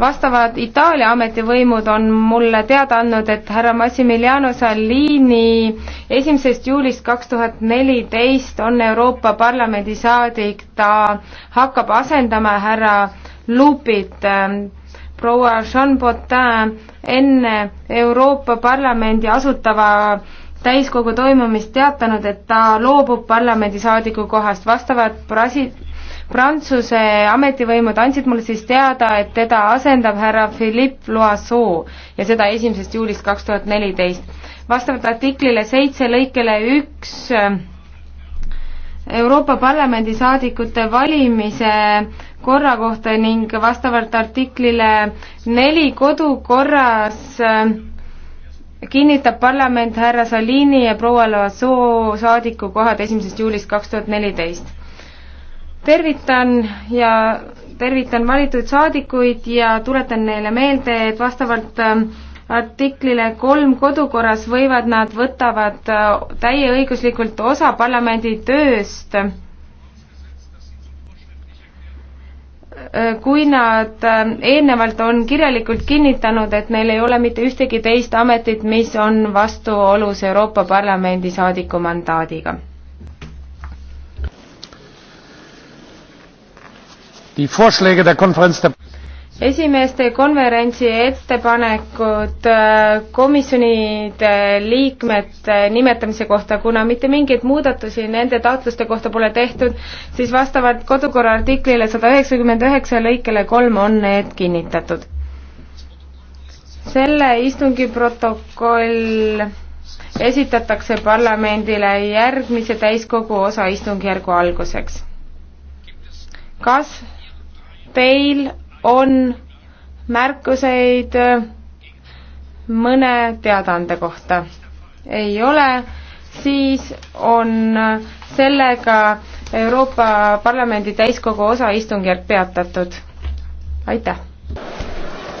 vastavad Itaalia ametivõimud on mulle teada andnud, et härra Massimiliano Salini esimesest juulist kaks tuhat neliteist on Euroopa Parlamendi saadik, ta hakkab asendama härra Lupit ähm, proua Jean Botin enne Euroopa Parlamendi asutava täiskogu toimumist teatanud, et ta loobub parlamendisaadiku kohast, vastavalt Brasi-, Prantsuse ametivõimud andsid mulle siis teada, et teda asendab härra Philippe Loiseau ja seda esimesest juulist kaks tuhat neliteist. vastavalt artiklile seitse lõikele üks Euroopa Parlamendi saadikute valimise korra kohta ning vastavalt artiklile neli kodukorras kinnitab parlament härra Salini ja proua Loiseau saadikukohad esimesest juulist kaks tuhat neliteist tervitan ja tervitan valitud saadikuid ja tuletan neile meelde, et vastavalt äh, artiklile kolm kodukorras võivad nad võtavad äh, täieõiguslikult osa parlamendi tööst, äh, kui nad eelnevalt on kirjalikult kinnitanud, et neil ei ole mitte ühtegi teist ametit, mis on vastuolus Euroopa Parlamendi saadiku mandaadiga esimeeste konverentsi ettepanekud äh, komisjonide liikmete äh, nimetamise kohta, kuna mitte mingeid muudatusi nende taotluste kohta pole tehtud, siis vastavalt kodukorra artiklile sada üheksakümmend üheksa lõikele kolm on need kinnitatud. selle istungi protokoll esitatakse parlamendile järgmise täiskogu osa istungjärgu alguseks. kas teil on märkuseid mõne teadaande kohta? ei ole, siis on sellega Euroopa Parlamendi täiskogu osaistungjärk peatatud. aitäh!